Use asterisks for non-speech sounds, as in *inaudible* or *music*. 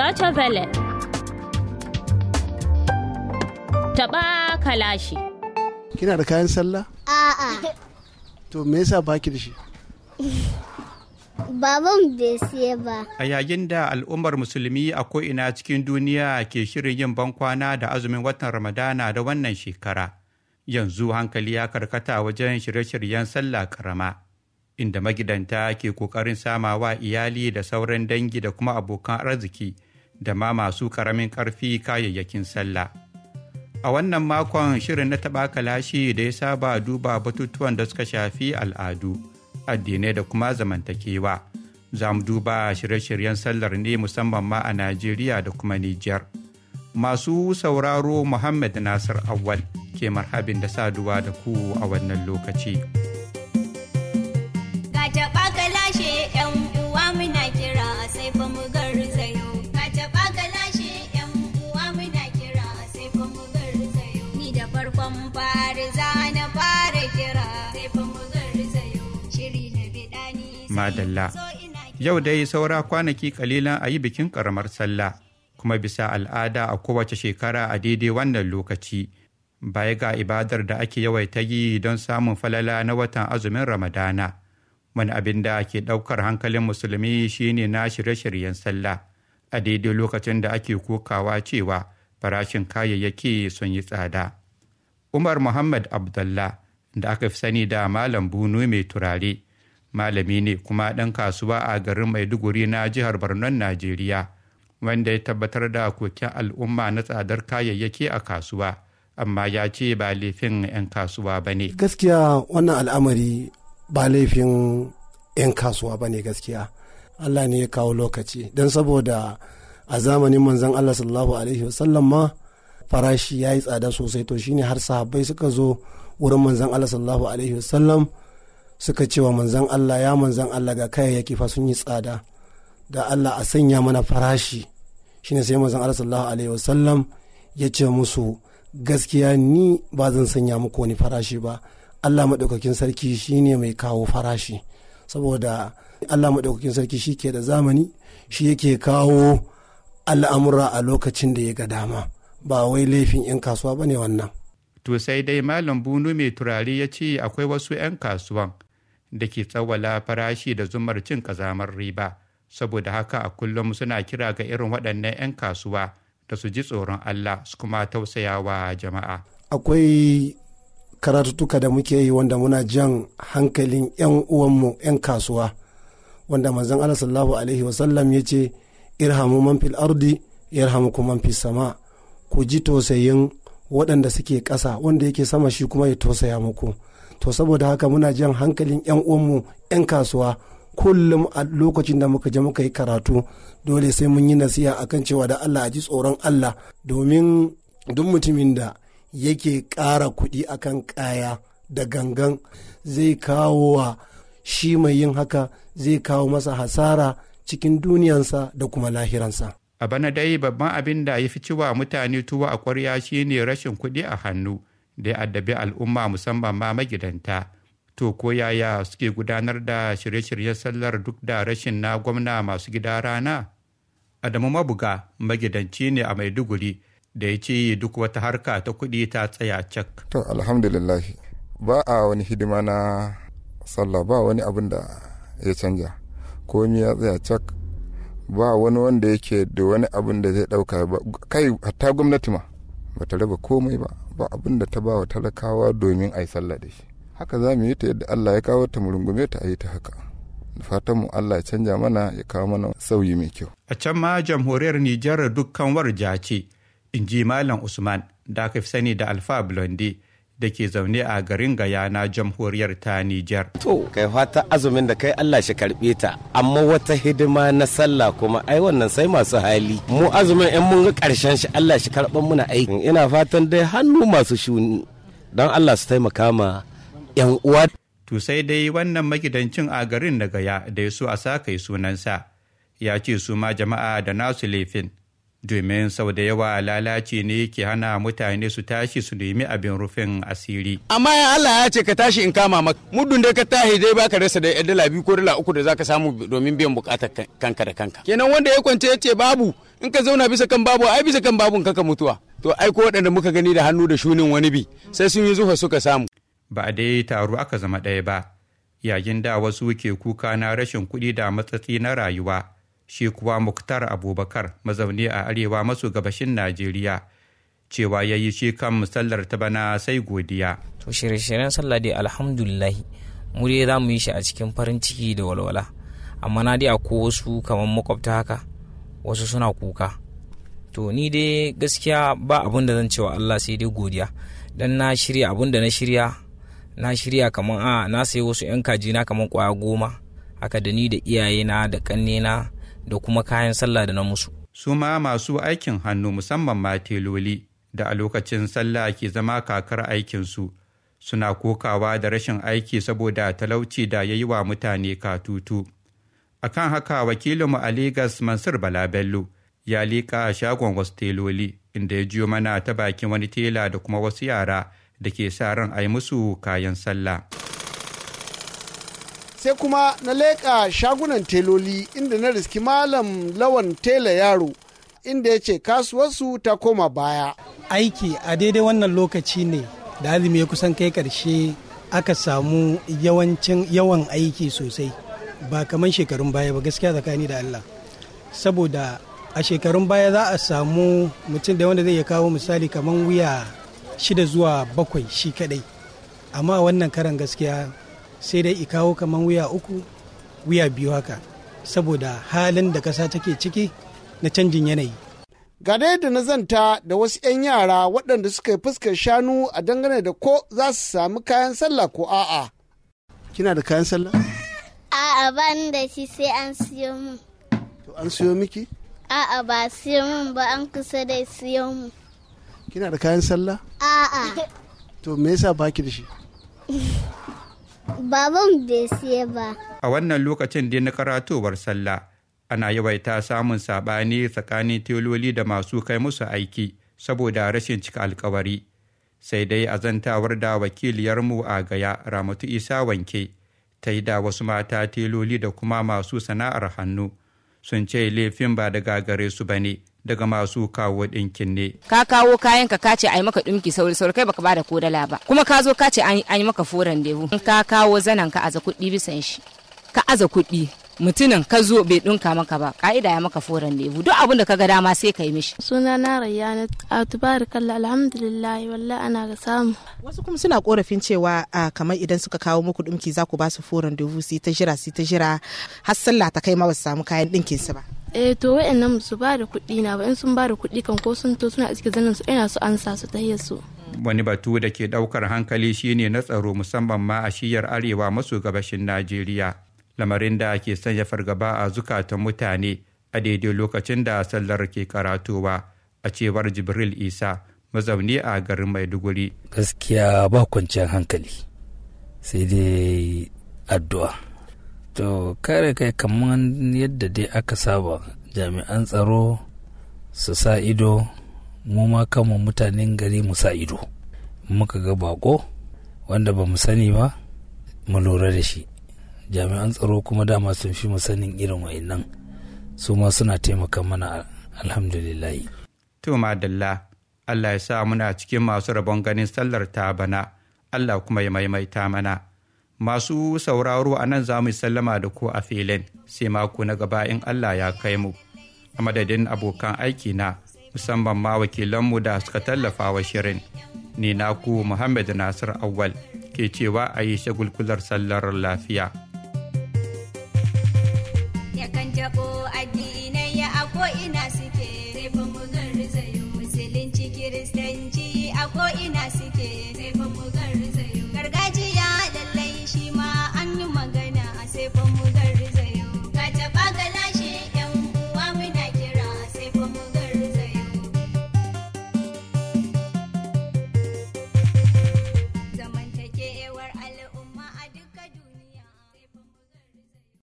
Deutsche Welle. Taba kalashi. Kina da kayan sallah? A'a. To me yasa baki da shi? Baban bai siya ba. A yayin da al'ummar musulmi a ko'ina cikin duniya ke shirin yin bankwana da azumin watan Ramadana da wannan shekara, yanzu hankali ya karkata wajen shirye-shiryen sallah karama, inda magidanta ke ƙoƙarin samawa iyali da sauran dangi da kuma abokan arziki. da ma masu karamin karfi kayayyakin sallah. A wannan makon shirin na taɓa kalashi da ya saba duba batutuwan da suka shafi al'adu, addinai da kuma zamantakewa. Za mu duba shirye-shiryen sallar ne musamman ma a Najeriya da kuma Nijar. Masu sauraro Muhammad Nasir Awal ke marhabin da saduwa da ku a wannan lokaci. Ga taɓa kalashe uwa muna kira sai fa mu ga madalla yau dai saura kwanaki kalilan a yi bikin karamar sallah kuma bisa al'ada a kowace shekara a daidai wannan lokaci baya ga ibadar da ake yawaita yi don samun falala na watan azumin ramadana wani abin da ke ɗaukar hankalin musulmi shine na shirye-shiryen sallah a daidai lokacin da ake kokawa cewa farashin kayayyaki sun yi tsada. Umar Muhammad Abdullah da aka fi sani da Malam Bunu mai turare malami ne kuma ɗan kasuwa a garin maiduguri na jihar barnon najeriya wanda ya tabbatar da kokin al'umma na tsadar kayayyaki a kasuwa amma ya ce ba laifin 'yan kasuwa ba ne gaskiya wannan al'amari ba laifin 'yan kasuwa ba ne gaskiya allah ne ya kawo lokaci don saboda a zamanin manzan allah sallallahu alaihi wasallam ma farashi ya yi tsada sosai to shine har sahabbai suka zo wurin manzan allah sallallahu alaihi wasallam suka ce wa manzan Allah ya manzan Allah ga kayayyaki fa sun yi tsada da Allah a sanya mana farashi shine sai manzan Allah sallallahu alaihi wasallam ya ce musu gaskiya ni ba zan sanya muku wani farashi ba Allah maɗaukakin sarki shine mai kawo farashi saboda Allah maɗaukakin sarki shi ke da zamani shi yake kawo al'amura a lokacin da ya ga dama ba wai laifin 'yan kasuwa ba ne wannan. To sai dai Malam Bunu mai turare ya ce akwai wasu 'yan kasuwan da ke tsawala farashi da zumar cin kazamar riba saboda haka a kullum suna kira ga irin waɗannan 'yan kasuwa da su ji tsoron Allah su kuma tausayawa jama'a. Akwai karatuttuka da muke yi wanda muna jan hankalin 'yan uwanmu 'yan kasuwa wanda manzon Allah sallallahu alaihi wasallam ya ce irhamu man fil ardi kuma sama ku ji tausayin waɗanda suke ƙasa wanda yake sama shi kuma ya tausaya muku to saboda haka muna jan hankalin 'yan uwanmu 'yan kasuwa kullum a lokacin da muka je muka yi karatu dole sai mun yi nasiha akan cewa da Allah a ji tsoron Allah domin duk mutumin da yake ƙara kuɗi akan kaya da gangan zai kawo wa shi mai yin haka zai kawo masa hasara cikin duniyansa da kuma lahiransa. A bana dai babban abin da ya fi ciwa mutane tuwa a kwarya shine rashin kuɗi a hannu. da ya addabi al'umma musamman ma magidanta to ko yaya suke gudanar da shirye-shiryen sallar duk da rashin na gwamna masu gida rana adamu mabuga magidanci ne a maiduguri da ya ce duk wata harka ta kuɗi ta tsaya cak to alhamdulillah ba a wani hidima na sallah ba wani abin da ya canja komi ya tsaya cak ba wani wanda yake da wani abin da zai ɗauka kai hatta gwamnati ma bata raba komai ba ba abin da ta ba wa talakawa domin a yi sallah da shi haka za mu yi ta yadda Allah ya kawo ta mu rungume ta a yi ta haka da fatan mu Allah ya canja mana ya kawo mana sauyi mai kyau a can ma jamhuriyar Nijar dukkan warja ce in ji Malam Usman da aka fi sani da Alfa Blondie da ke zaune a garin gaya na jamhuriyar ta Nijar. To, kai fata azumin da kai Allah shi karɓe ta, amma wata hidima na sallah kuma ai wannan sai masu hali. Mu azumin in mun ga ƙarshen shi Allah shi karɓan muna aiki. Ina fatan dai hannu masu shuni don Allah su taimaka ma 'yan uwa. To sai dai wannan magidancin a garin da Gaya da ya so a sa kai sunansa. Ya ce su ma jama'a da nasu laifin. domin sau da yawa lalace ne ke hana mutane su tashi su nemi abin rufin asiri. Amma ya Allah ya ce ka tashi in kama maka muddin dai ka tashi dai baka rasa da dala biyu ko dala uku da zaka samu domin biyan bukatar kanka da kanka. Kenan wanda ya kwance ya ce babu in ka zauna bisa kan babu ai bisa kan babun kaka mutuwa. To ai ko waɗanda muka gani da hannu da shunin wani bi sai sun yi zuwa suka samu. Ba a dai taro aka zama ɗaya ba yayin da wasu ke kuka na rashin kuɗi da matsatsi na rayuwa. shi kuwa muktar abubakar mazaune a arewa maso gabashin najeriya cewa ya yi shi kan musallar ta bana sai godiya to shirye-shiryen sallah dai alhamdulillahi mu dai za mu yi shi a cikin farin ciki da walwala amma na dai ko wasu kamar makwabta haka wasu suna kuka to ni dai gaskiya ba abin da zan cewa allah sai dai godiya dan na shirya abin da na shirya na shirya kamar a na sayi wasu 'yan kaji na kamar kwaya goma haka da ni da iyayena da kannena da kuma kayan sallah da na musu. Su ma masu aikin hannu musamman mateloli da a lokacin sallah ke zama kakar aikinsu suna kokawa da rashin aiki saboda talauci da ya yi wa mutane katutu. A kan haka wakilinmu a Legas Mansur Bala Bello ya liƙa shagon wasu teloli inda ya jiyo mana ta bakin wani tela da kuma wasu yara da ke sa ran a yi musu kayan sallah. sai kuma na leƙa shagunan teloli inda na riski malam lawan tela yaro inda ya ce kasuwarsu ta koma baya aiki a daidai wannan lokaci ne da azumi ya kusan kai karshe aka samu yawancin yawan aiki sosai ba kamar shekarun baya ba gaskiya tsakani da allah saboda a shekarun baya za a samu mutum da wanda zai iya kawo misali kamar wuya shida zuwa bakwai shi kadai amma wannan karan gaskiya sai dai kawo kamar wuya uku wuya biyu haka saboda halin da ƙasa take ciki na canjin yanayi ga da na zanta da wasu 'yan yara waɗanda suka yi fuskar shanu a dangane da ko za su samu kayan sallah ko a'a. Kina da kayan sallah? A'a ba ni da shi sai an siyo mun. To an siyo miki? A'a ba siyo mun ba an kusa da siyo mun. Kina da kayan sallah? A'a. To me yasa baki da shi? *laughs* Baban bai siya ba. A wannan lokacin dai na karatowar sallah ana yawaita samun saɓani tsakanin teloli da masu kai musu aiki saboda rashin cika alkawari. Sai dai a zantawar da wakiliyarmu a gaya Ramatu Isa Wanke ta yi da wasu mata teloli da kuma masu sana'ar hannu sun ce laifin ba daga gare su ba ne. daga masu kawo ɗinkin ne. Ka kawo kayan ka kace a yi maka ɗinki sauri sauri kai baka bada kodala ba kuma ka zo kace an yi maka foran debu. Ka kawo zanen ka aza kuɗi bisan shi ka aza kuɗi mutumin ka zo bai ɗinka maka ba ka'ida ya maka foran debu duk abin da ka ga dama sai ka yi mishi. Suna na Rayyana a kalla alhamdulillah walla ana ga samu. Wasu kuma suna korafin cewa kamar idan suka kawo muku ɗinki za ku ba su foran debu su ta jira su ta jira har sallah ta kai ma ba su samu kayan ɗinkinsu ba. eh to wa'annan su ba da kuɗi na ba in sun ba da kuɗi kan ko sun to suna a cikin zanen su ina su ansa su tahiyar su wani batu da ke ɗaukar hankali shine na tsaro musamman ma a shiyar arewa maso gabashin najeriya lamarin da ke sanya fargaba a zukatan mutane a daidai lokacin da sallar ke karatowa a cewar jibril isa mazauni a garin maiduguri gaskiya ba kwanciyar hankali sai dai addu'a To kare kai kamar yadda dai aka saba jami'an tsaro su sa ido mu ma kama mutanen gari mu sa ido muka ga bako wanda ba mu sani ba mu lura da shi jami'an tsaro kuma dama sun fi mu sanin irin wa'annan su ma suna taimaka mana alhamdulillahi. To madalla Allah ya sa muna cikin masu rabon ganin sallar ta bana Allah kuma ya maimaita mana. Masu sauraro a nan za mu sallama da ku a filin sai mako na gaba in Allah ya kai mu. A madadin abokan aiki na musamman ma wakilanmu da suka tallafa wa shirin. Ni naku Muhammad Nasir Awal ke cewa a yi shagulkular sallar lafiya.